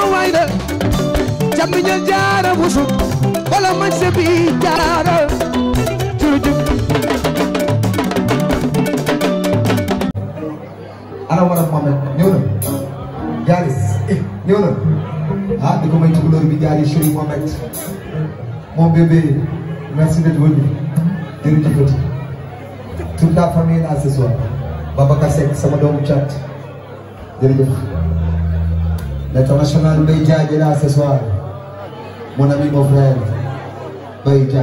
sama waay la jam mi ñal jaara busu wala man se bi jaara jurujum ana wala Mohamed na jaaris eh, ñëw na ah di ko may tukulóor bi jaari chéri Mohamed mon bébé merci d'être venu jërëjëfati toute la famille là ce soir Babacar Seck sama doomu chat jërëjëf L'international Beidja est là ce soir. Mon ami, mon frère, Beidja.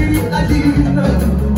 Thank you.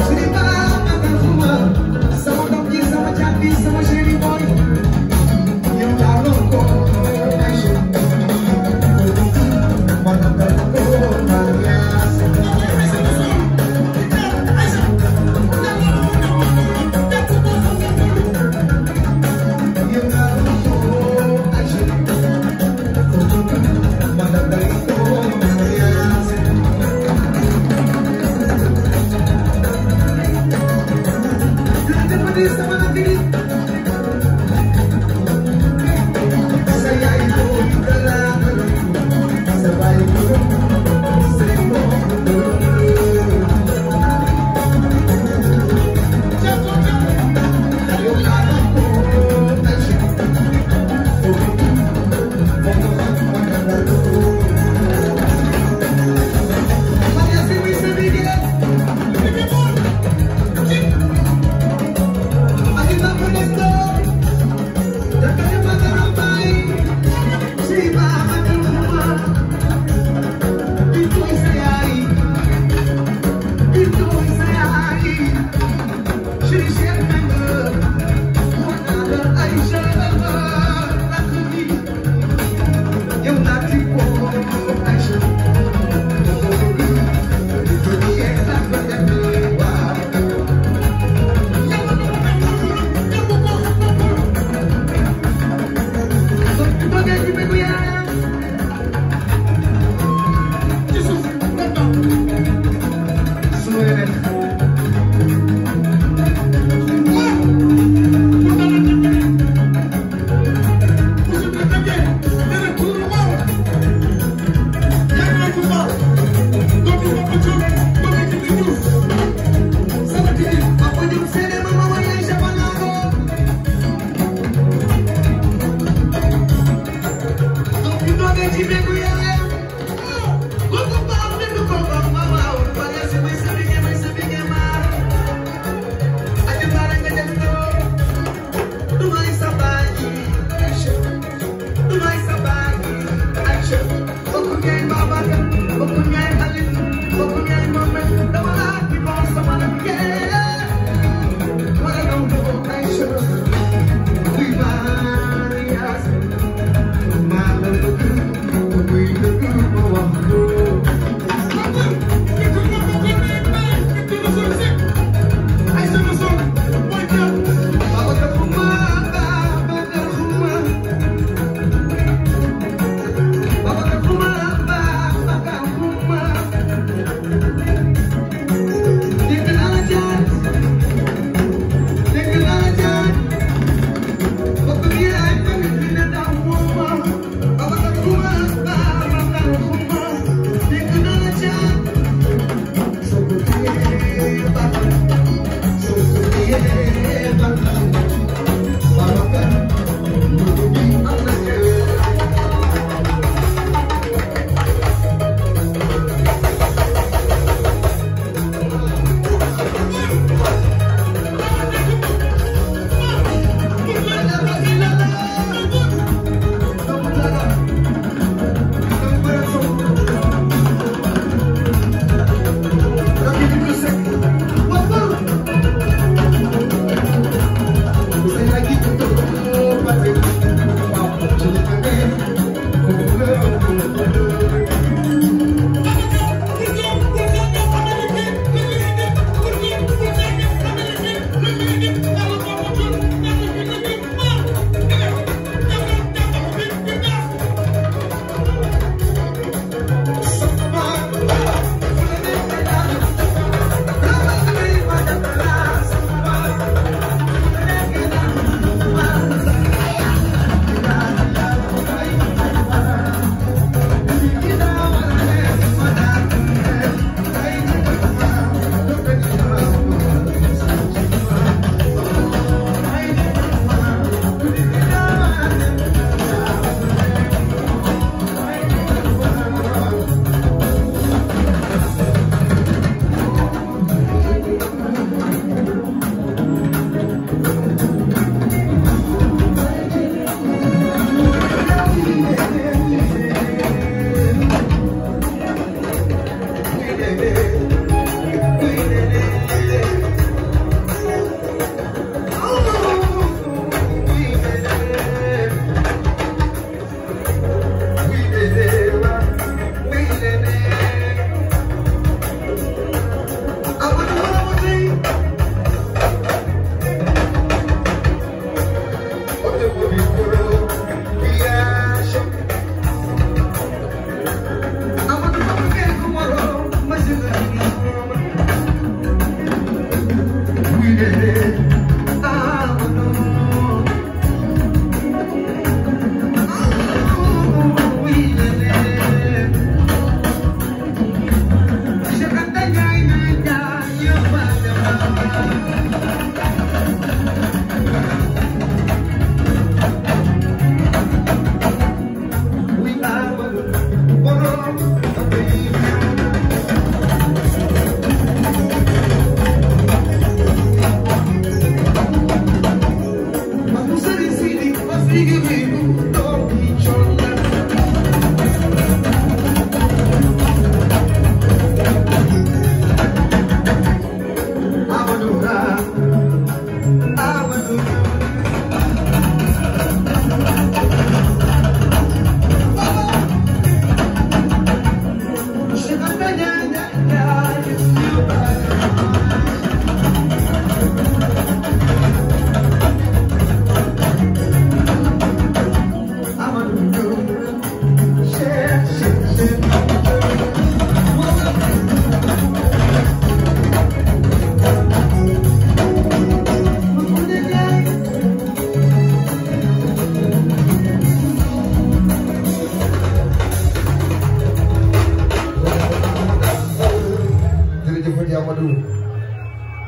Amadou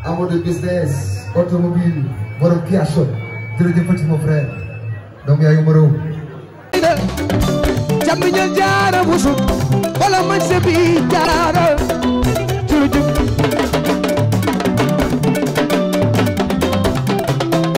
Amadou business automobile borom Kia Soul jërëjëfati mon frère doomu yaayu ma réew camiñal jaara busut wala man se bi jaara